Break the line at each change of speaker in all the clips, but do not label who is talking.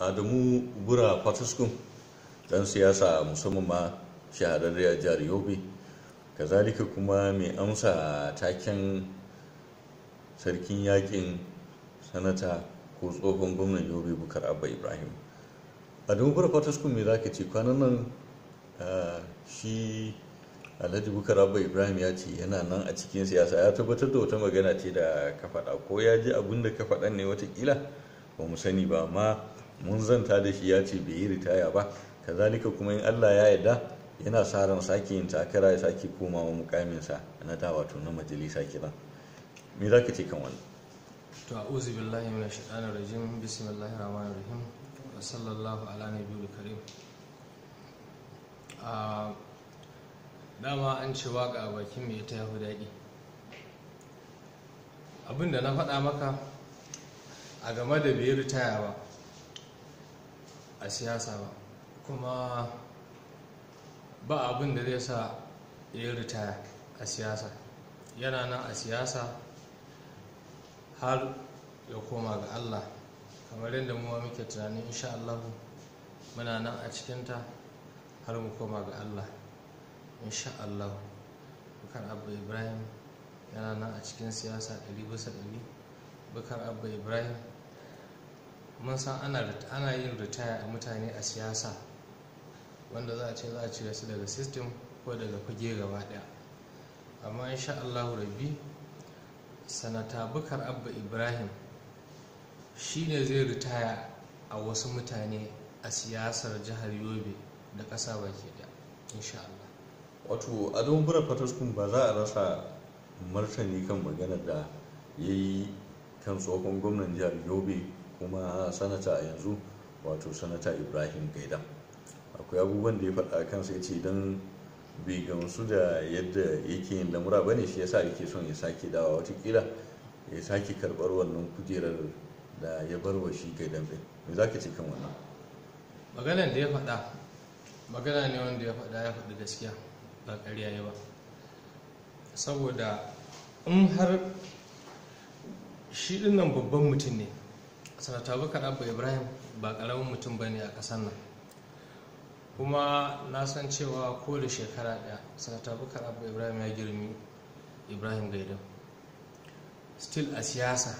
adamu bura fataskun dan siyasa musamman ma shahararre a jihar yobe kazalika kuma mai amsa taken sarkin yakin sanata ko tsohon gwamnan yobe bukar abba ibrahim adamu bura fataskun me za ce kwanan nan shi alhaji bukar abba ibrahim ya ce yana nan a cikin siyasa ya tabbatar da wata magana ce da ka faɗa ko ya ji abin da ka faɗa ne watakila ba mu sani ba amma mun zanta da shi ya ce bai yi ritaya ba kazalika kuma in Allah ya yadda yana sa ran sake yin takara ya sake komawa mukaminsa na da wato na majalisa kiran me za ka ce kan wani
to a a'udhu billahi mai shaitanir rajim bismillahi rahmanir rahim wa sallallahu ala da karim a ah, dama an ce waƙa a bakin mai ta yahu daɗi abinda na faɗa maka a game da bai ritaya ba a siyasa ba kuma ba abin da zai sa ya ritaya a siyasa yana nan a siyasa har ya koma ga allah kamar yadda muwa muke tunanin insha allahu muna nan a cikinta har mu koma ga allah insha allahu bukar abu ibrahim yana nan a cikin siyasa 100% bukar abu ibrahim mun san ana yin ritaya a mutane a siyasa wanda za a ce za a cire su daga system ko daga fage gaba daya amma insha allahu rabbi sanata bukar abba ibrahim shi ne zai ritaya a wasu mutane a siyasar jihar yobe da ƙasa baki da insha allah
wato a don bura fataskun ba za a rasa martani kan maganar da ya yi kan tsohon gwamnan jihar yobe kuma sanata a yanzu wato sanata ibrahim gaida akwai abubuwan da ya faɗa kansa ya ce don bai wasu da yadda yake yin lamura ba ne shi yasa yake son ya sake dawa watakila ya sake karɓar wannan kujerar da ya bar wa shi gaida bai me za ka ce kan wannan
magana da ya faɗa magana ne wanda ya faɗa ya faɗi gaskiya ba ƙarya ne ba saboda in har shi dinnan babban mutum ne sanata bukar abu ibrahim ba karamin mutum ba ne a kasar nan kuma na san cewa ko da shekara daya sanata bukar abu ibrahim ya girmi ibrahim gaidan still a siyasa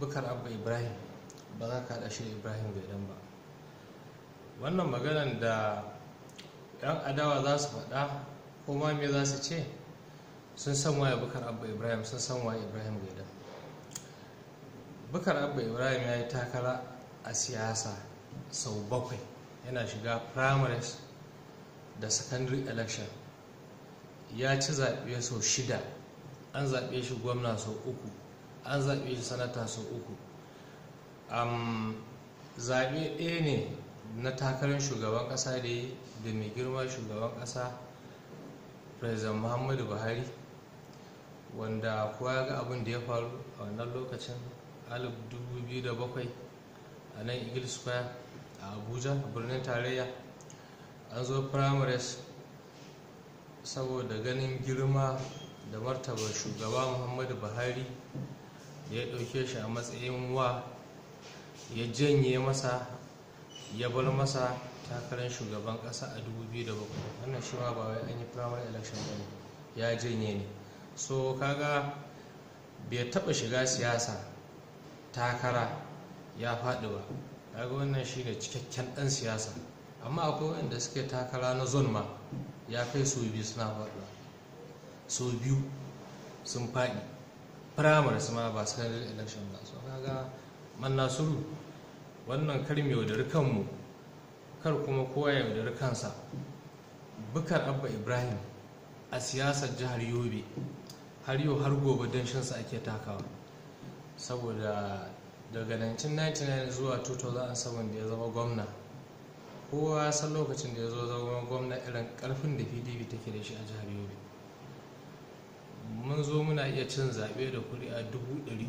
bukar abu ibrahim ba za ka shi ibrahim gaidan ba wannan maganan da 'yan adawa za su faɗa ko ma me za su ce sun san waye bukar abu ibrahim sun san waye ibrahim gaidan bukar abba ibrahim ya yi takara a siyasa sau bakwai yana shiga primaries da secondary election ya ci zaɓe sau shida an zaɓe shi gwamna sau uku an zaɓe shi sanata sau uku zaɓe ɗaya ne na takarar shugaban ƙasa da yi da mai girma shugaban ƙasa president muhammadu buhari wanda kowa ga abin da ya faru a wannan lokacin 2007 a nan eagle square a abuja birnin tarayya an zo primaries saboda ganin girma da martaba shugaba muhammadu buhari da ya ɗauke shi a matsayin wa ya janye masa ya bar masa takarar shugaban ƙasa a 2007 wannan shi ma ba wai an yi primary election ba ne ya janye ne so kaga bai taɓa shiga siyasa takara ya faɗiwa, ya kaga wannan shi shine cikakken ɗan siyasa amma akwai wanda suke takara na zon ma ya kai su biyu suna faɗuwa su biyu sun faɗi firamare su ma ba su kan election ba su kaga man nasuru wannan kar mu yaudari kanmu kar kuma kowa ya yaudari kansa bukar abba ibrahim a siyasar jihar yobe har yau har gobe don shansa ake takawa saboda daga 1999 zuwa 2007 da ya zama gwamna kowa san lokacin da ya zo zama gwamna irin karfin da pdp take da shi a jihar yobe mun zo muna iya cin zaɓe da kuri'a 300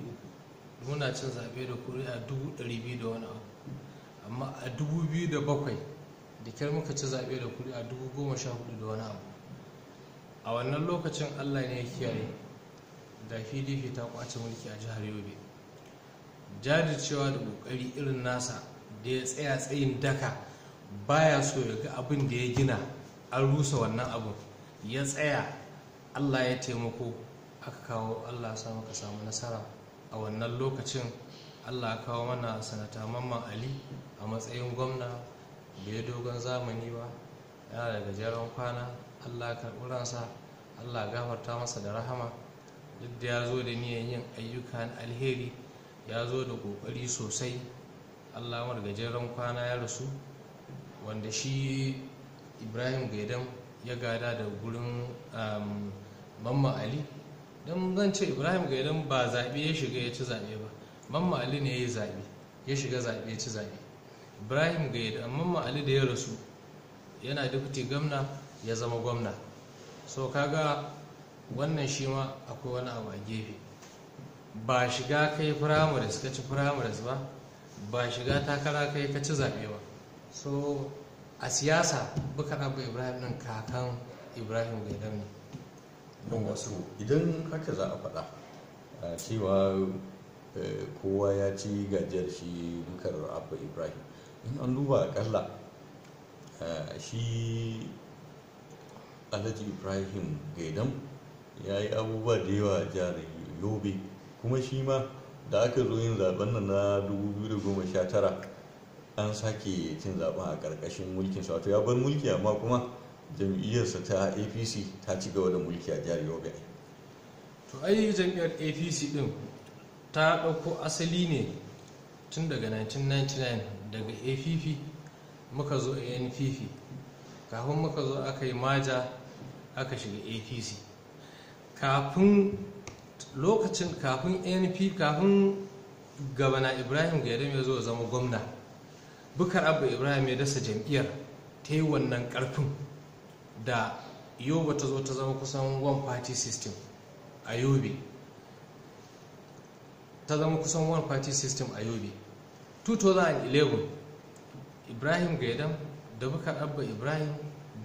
muna cin zaɓe da kuri'a 200 da wani abu amma a 2007 da kyar muka ci zaɓe da kuri'a 14,000 da wani abu a wannan lokacin allah ne ya kiyaye da pdp ta kwace mulki a jihar yobe jajircewa da kokari irin nasa da ya tsaya tsayin daka baya so ya ga abin da ya gina an rusa wannan abin ya tsaya allah ya taimako aka kawo allah samu ka samu nasara a wannan lokacin allah ya kawo mana sanata mamman ali a matsayin gwamna da ya dogon zamani ba yana daga gajeren kwana allah ya karɓi ransa allah ya gafarta masa da rahama duk da ya zo da niyan yin ayyukan alheri ya zo da ƙoƙari sosai allah ran kwana ya rasu wanda shi ibrahim gaidan ya gada da gurin um, mamma ali don zan ce ibrahim gaidan ba zaɓe ya shiga ya ci zaɓe ba mamma ali ne ya zaɓe ya shiga zaɓe ya ci zaɓe ibrahim gaidan mamma ali da ya rasu yana dafiti gwamna ya zama gwamna so kaga wannan shi ma akwai wani abu a gefe ba shiga kai primaries ka ci primaries ba ba shiga takara kai ka ci zaɓe ba so a siyasa bukar abu ibrahim nan kakan ibrahim gaidan ne
don wasu idan haka za a faɗa cewa eh, kowa ya ci gajiyar shi bukar abu ibrahim in an duba akalla shi alhaji ibrahim Gaidan ya yi abubuwa da yawa jihar yobe kuma shi ma da aka zo yin zaben nan na 2019 an sake cin zaben a ƙarƙashin mulkin sa wato ya bar mulki amma kuma jam'iyyarsa ta apc ta ci gaba da mulki a jihar yobe
to ai jam'iyyar apc din ta ɗauko asali ne tun daga 1999 daga app muka zo anpp kafin muka zo aka yi maja aka shiga apc kafin lokacin kafin anp kafin gabana ibrahim gaidam ya zo zama gwamna bukar abu ibrahim ya dasa jam'iyyar ta yi wannan karfin da yoba ta zo ta zama kusan one party system a yobe ta zama kusan one party system a yobe 2011 ibrahim Gaidan da bukar abba ibrahim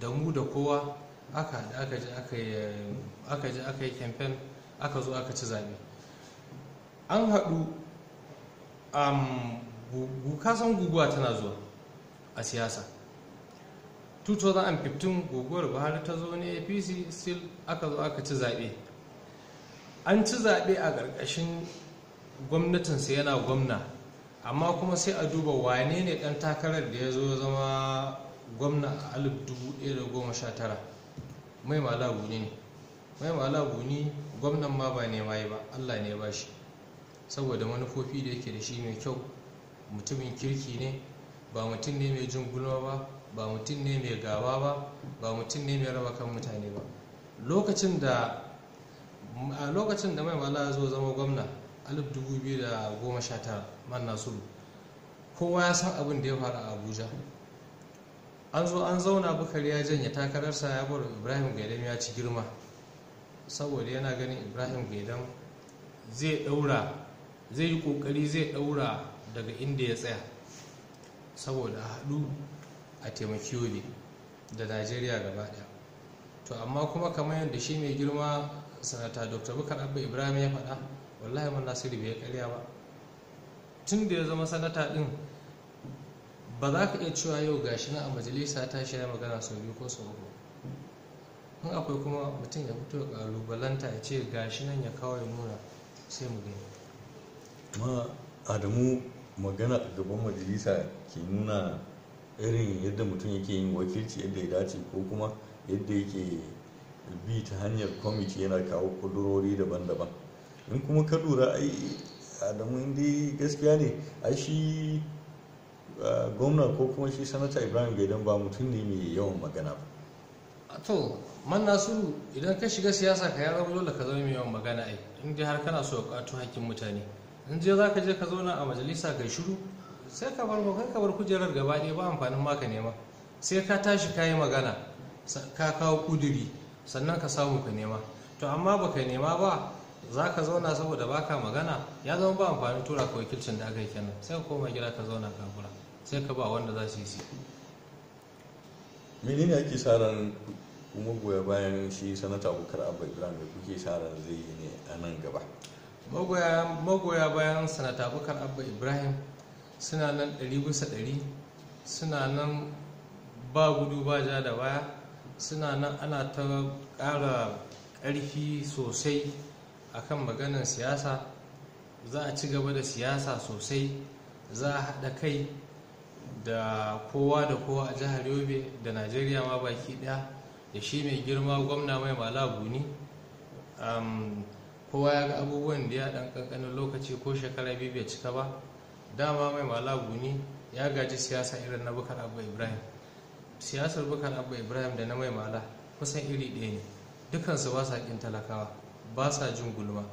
da mu da kowa aka ji aka yi campaign aka zo aka ci zaɓe an haɗu kasan guguwa tana zuwa a siyasa 2015 guguwar buhari ta zo ne apc still aka zo aka ci zaɓe an ci zaɓe a ƙarƙashin gwamnatinsa yana gwamna amma kuma sai a duba wane ne ɗan takarar da ya zo zama gwamna a tara. mai malabu ne mai abu buni gwamnan ma ba nema ya ba allah ne ba shi saboda manufofi da yake da shi mai kyau mutumin kirki ne ba mutum ne mai jin gulma ba ba mutum ne mai gaba ba ba mutum ne mai raba kan mutane ba lokacin da a lokacin da mai zo zama gwamna 2019 man nasiru kowa ya san abin da ya faru a abuja an zo an zauna bukari ya janye takararsa ya bar ibrahim gaidam ya ci girma saboda yana ganin ibrahim gaidan zai daura zai yi kokari zai daura daga inda ya tsaya saboda haɗu a taimaki yobe da najeriya gaba ɗaya to amma kuma kamar yadda shi mai girma sanata dr bukar abba ibrahim ya faɗa wallahi man nasiru bai karya ba tun da ya zama sanata din, ba za ka iya cewa yau gashi na a majalisa ta shirya magana sau biyu ko sau uku in akwai kuma mutum ya fito kalubalanta ya ce gashi nan ya kawo ya nuna sai mu gani
ma adamu magana a gaban majalisa ke nuna irin yadda mutum yake yin wakilci yadda ya dace ko kuma yadda yake bi ta hanyar kwamiti yana kawo kudurori daban-daban in kuma ka lura ai adamu inda gaskiya ne ai shi gwamna ko kuma shi sanata ibrahim gaidan ba mutum ne mai yawan
magana ba to man nasiru idan ka shiga siyasa ka ya zama dole ka zama mai yawan magana ai in dai har kana so ka hakkin mutane in je za ka je ka zauna a majalisa ka shiru sai ka bar ka bar kujerar gaba ɗaya ba amfanin maka nema sai ka tashi ka yi magana ka kawo kuduri sannan ka samu ka nema to amma baka nema ba za ka zauna saboda baka magana ya zama ba amfanin tura ka wakilcin da aka yi kenan sai ka koma gida ka zauna ka kura, sai ka ba wanda za su yi
menene ake sa ran kuma goya bayan shi sanata abokar abba ibrahim da kuke sa zai yi ne a nan gaba
magoya bayan sanata abubakar abba ibrahim suna nan ɗari bisa suna nan ba gudu ba ja da baya suna nan ana ta ƙara ƙarfi sosai a kan maganar siyasa za a ci gaba da siyasa sosai za a haɗa kai da kowa da kowa a jihar yobe da najeriya ma baki ɗaya da shi mai girma gwamna mai malabu ne kowa ya ga abubuwan da ya dan kankanin lokaci ko shekara biyu bai cika ba dama mai malabu ne ya gaji siyasa irin na bukar abu ibrahim siyasar bukar abu ibrahim da na mai mala kusan iri ɗaya ne dukansu ba sa ƙin talakawa ba sa jin gulma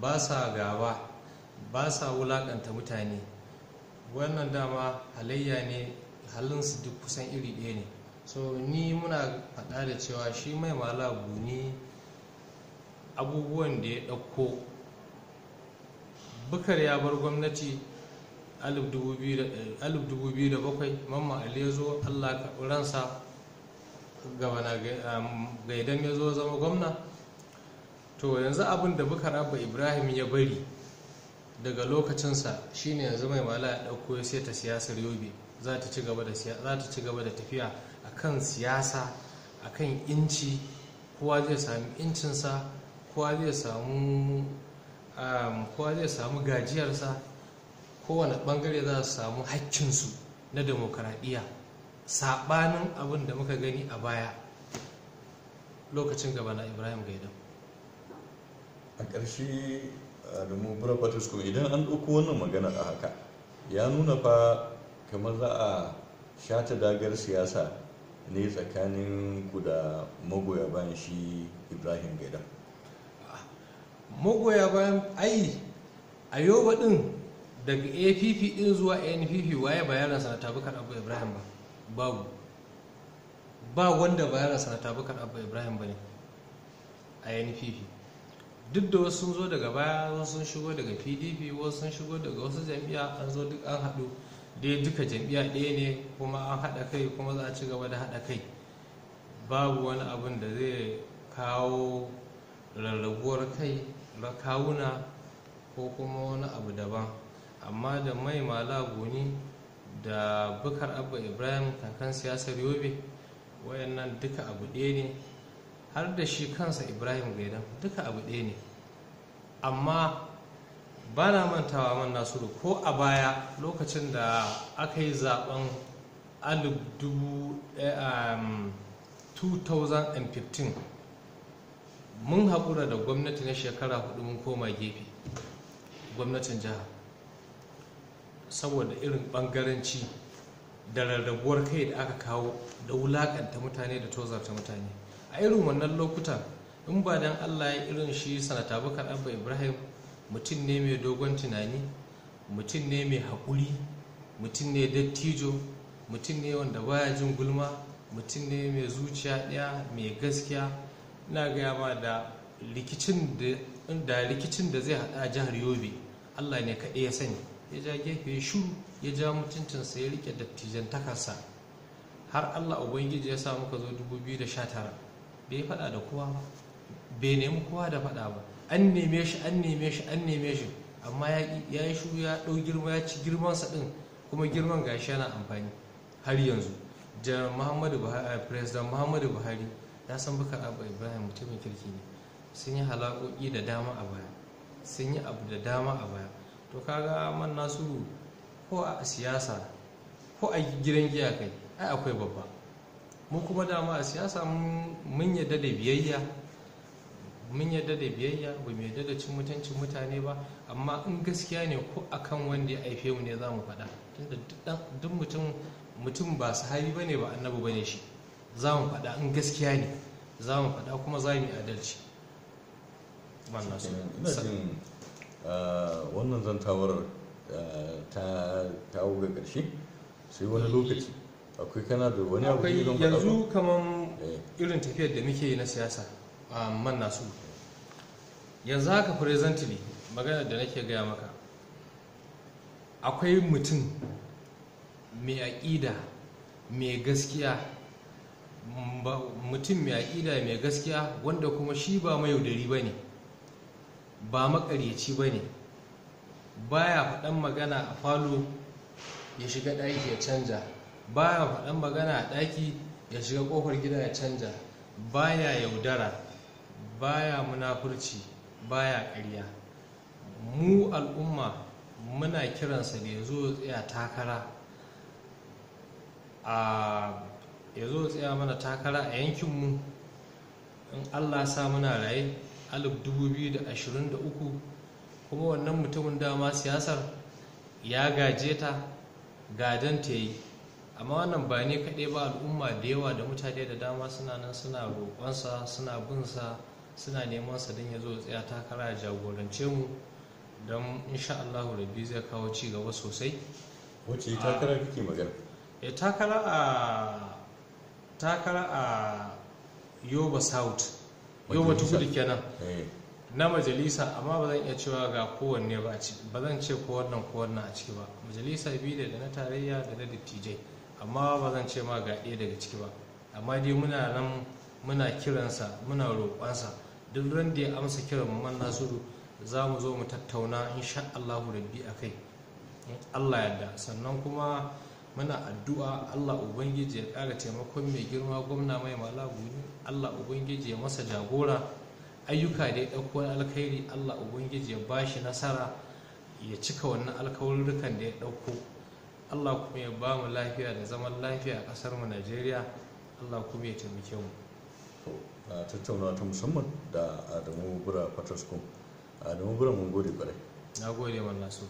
ba sa gaba ba sa wulaƙanta mutane wannan dama halayya ne halinsu duk kusan iri ɗaya ne so ni muna faɗa da cewa shi mai malabu ne abubuwan da ya ɗauko bukar ya bar gwamnati 2007 mamma ali ya zo allah ka ransa gabana gaidan um, ya zo zama gwamna to yanzu abin da bukar abba ibrahim ya bari daga lokacinsa shine yanzu mai mala ya ɗauko ya sai ta siyasar yobe za ta ci gaba da tafiya akan siyasa akan inci kowa zai sami incinsa kowa zai samu um, gajiyarsa kowane bangare za su samu haƙƙinsu na demokaradiyya saɓanin abin da muka gani a baya lokacin gaba na ibrahim gaidan
a ƙarshe alamu burabatus kuma idan an ɗauko wannan magana a haka ya nuna fa kamar za a shata dagar siyasa ne tsakanin ku da magoya bayan shi ibrahim gaidan
magoya bayan ai a yoba din daga app din zuwa npp waye bayanan sanata bukar abu ibrahim ba babu ba wanda bayanan sanata bukar abu ibrahim ba ne a npp duk da wasu sun zo daga baya wasu sun shigo daga pdp wasu sun shigo daga wasu jami'a an zo duk an haɗu dai duka jam'iyya ɗaya ne kuma an haɗa kai kuma za a ci gaba da haɗa kai babu wani abin da zai kawo rarrabuwar kai kawuna ko kuma wani abu daban amma da mai mala goni da bukar abba ibrahim kankan siyasar yobe wayannan duka abu ɗaya ne har da shi kansa ibrahim gaidan duka abu ɗaya ne amma ba na mantawa man nasiru ko a baya lokacin da aka yi zaben 2015 eh, um, mun haƙura da gwamnati na shekara hudu mun koma gefe gwamnatin jiha saboda irin bangaranci da rarrabuwar kai da aka kawo da wulaƙanta mutane da tozarta mutane a irin wannan lokutan in ba don allah ya irin shi sanata bakar abba ibrahim mutum ne mai dogon tunani mutum ne mai haƙuri mutum ne dattijo mutum ne wanda baya jin gulma mutum ne mai zuciya ɗaya mai gaskiya na gaya ma da rikicin da zai haɗa jihar yobe allah ne kaɗai ya sani ya ja gefe shu ya ja mutuncinsa ya rike dattijan takarsa har allah ubangiji ya sa muka zo 2019 bai faɗa da kowa ba bai nemi kowa da faɗa ba an neme shi an neme shi an neme shi amma ya yi shu ya ɗau girma ya ci girmansa ɗin kuma girman gashi yana amfani har yanzu da muhammadu buhari eh, president muhammadu buhari ya san baka abu ibrahim mutumin kirki ne sun yi halakoki da dama a baya sun yi abu da dama a baya to kaga man nasiru ko a siyasa ko a gidan giya kai ai akwai babba mu kuma dama a siyasa mun yadda da biyayya mun yarda da biyayya ba mu yadda da cin mutuncin mutane ba amma in gaskiya ne ko akan wanda ya haife mu ne za mu faɗa tunda duk mutum mutum ba sahabi bane ba annabi bane shi za mu faɗa in gaskiya ne za mu faɗa kuma za mu yi adalci
wannan ah, zantawar ah, ta kawo ga ƙarshe sai wani eh. lokaci akwai kana da wani abu yanzu
kamar eh. irin tafiyar da muke yi na siyasa man nasu yanzu haka presently maganar da nake gaya maka akwai mutum mai aƙida mai gaskiya mutum mai aƙida mai gaskiya wanda kuma shi ba mayaudari ba ne ba makaryaci ba ne baya faɗan magana a falo ya shiga ɗaki ya canja baya faɗan magana a ɗaki ya shiga ƙofar gida ya canja baya yaudara baya munafurci baya ƙarya mu al'umma muna kiransa da ya zo tsaya takara a ya zo tsaya mana takara a yankinmu in allah sa muna raye 2023 kuma wannan mutumin dama siyasar ya gaje ta gadon ta yi amma wannan ba ne kaɗai ba al'umma da yawa da mutane da dama suna nan suna roƙonsa suna binsa suna neman sa don ya zo tsaya takara a jagorance mu don insha Allah rabbi zai kawo ci gaba sosai wacce takara kike magana ya eh, takara a takara a yoba south yoba ta kudu kenan eh. na majalisa amma ba zan iya cewa ga kowanne ba ba zan ce ko wannan ko wannan a ciki ba majalisa biyu da na tarayya da na dattijai amma ba zan ce ma ga ɗaya daga ciki ba amma dai muna nan muna kiransa muna roƙonsa duk ran da ya amsa kiran mu man nasiru za mu zo mu tattauna insha Allah rabbi akai in Allah yadda. sannan kuma muna addu'a Allah ubangiji ya ƙara taimakon mai girma gwamna mai malabu Allah ubangiji ya masa jagora ayyuka da ya ɗauko alkhairi Allah ubangiji ya bashi nasara ya cika wannan alkawarurrukan da ya ɗauko Allah kuma ya ba mu lafiya da zaman lafiya a ƙasar mu Najeriya Allah kuma ya taimake mu
a tattaunawa ta musamman da adamu bura fataskum adamu bura mun gode kwarai
na gode wannan su